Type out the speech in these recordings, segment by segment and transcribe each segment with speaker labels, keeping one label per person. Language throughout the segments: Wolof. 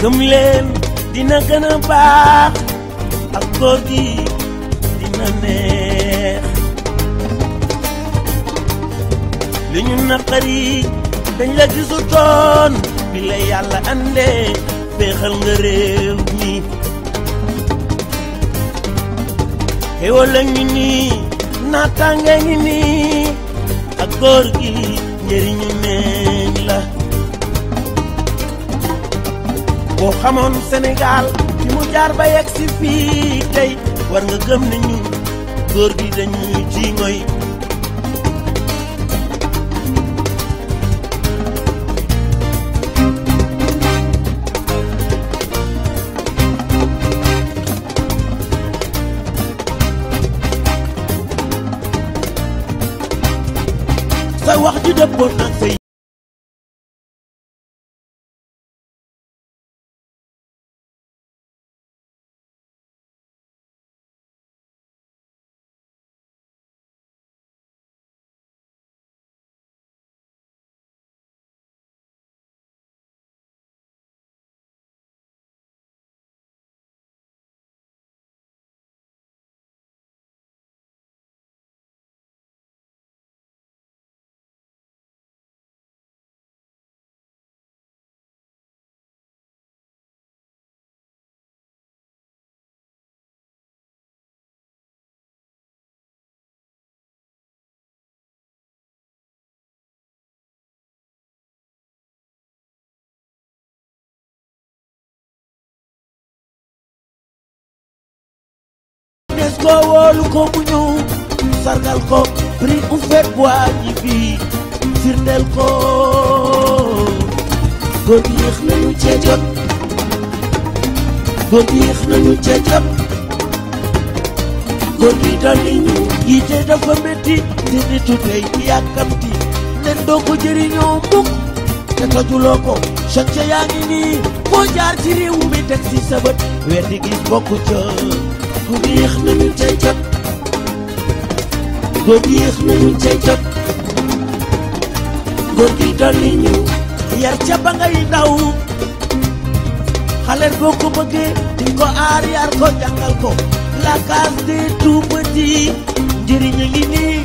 Speaker 1: gëm dina gën a baax ak góor gi dina neex li ñu naqari dañ la gisu toon bi yàlla andee féexal nga réew mi xéwal la ñu nii naataange ngi nii ak góor gi njëriñu neen la boo xamoon Sénégal ci mu jaar ba yegg si fii tey war nga gëm ne ñu góor gi dañuy ci ngoy say wax ji dëppoon nag say des ko wóolu ko mu ñëw sargal ko triomphe bu waaji fii firndeel ko góor gi yéex nañu cee jot góor gi yéex te nitu tey ko jëriñoo mukk te jaar ci réew mi teg si sa bokku ca bu neex nañu cay jot góor gi yéex yar ca ba ngay daw xale boo ko bëggee di ko aar yar ko jàngal ko la case des tout-petits nii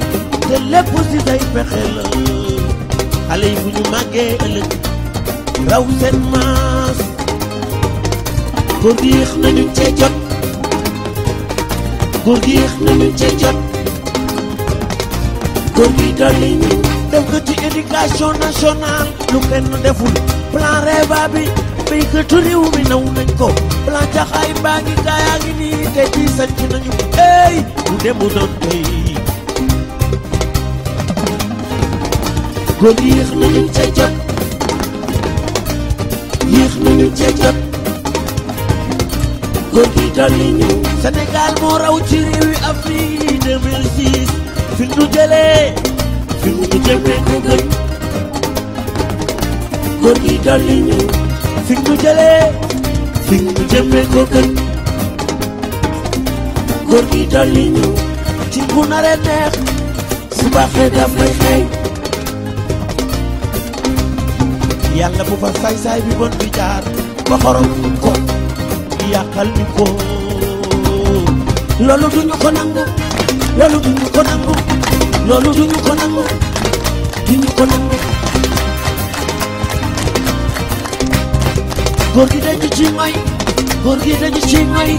Speaker 1: te lépp si say pexe la xale yi bu ñu màggee ëllëg raw seen maas góor gi nañu cay góor gi yéex nañu ci jot góor gi dolli ñu def ko ci éducation nationale lu kenn deful plan REVA bi béykatu réew mi naw nañ ko plan jaxaay baa ngi gaayaa ngi nii te ci sanc nañu ey bu demu doon tey góor gi yéex nañu ci jot yéex nañu ci jot góor gi dolli ñu Sénégal moo raw ci dolli ñu fi ñu jëlee fi ñu jëmee ko gën góor gi dolli ñu ci bu naree neex su baaxee daf may xëy yàlla bu fa saay-saay bi bon bi jaar ba xorom ko yàqal ñu ko loolu duñu ko nangu loolu duñu ko nangu loolu duñu ko nangu duñu ko nangu góor gi dañu ci may góor gi dañu ci may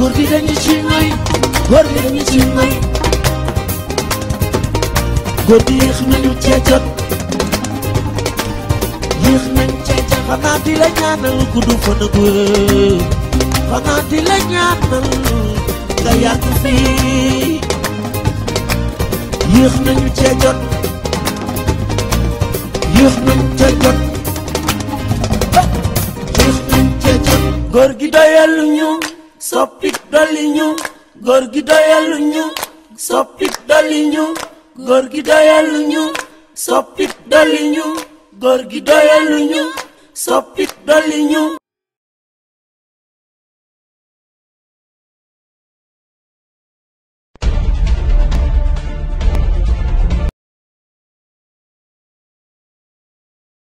Speaker 1: góor gi dañu ci may góor gi dañu ci may góor gi yéex nañu cee jot yéex nañu cee jot xanaa di la ñaanal gudd fan ak wér xanaa di la ñaanal nga yàgg fii yéex nañu cee jot yéex nañu cee jot góor gi doyalu ñu soppit dolli ñu góor gi doyalu ñu soppit dolli ñu góor gi doyalu ñu soppit dolli ñu góor gi doyalu ñu soppit dolli ñu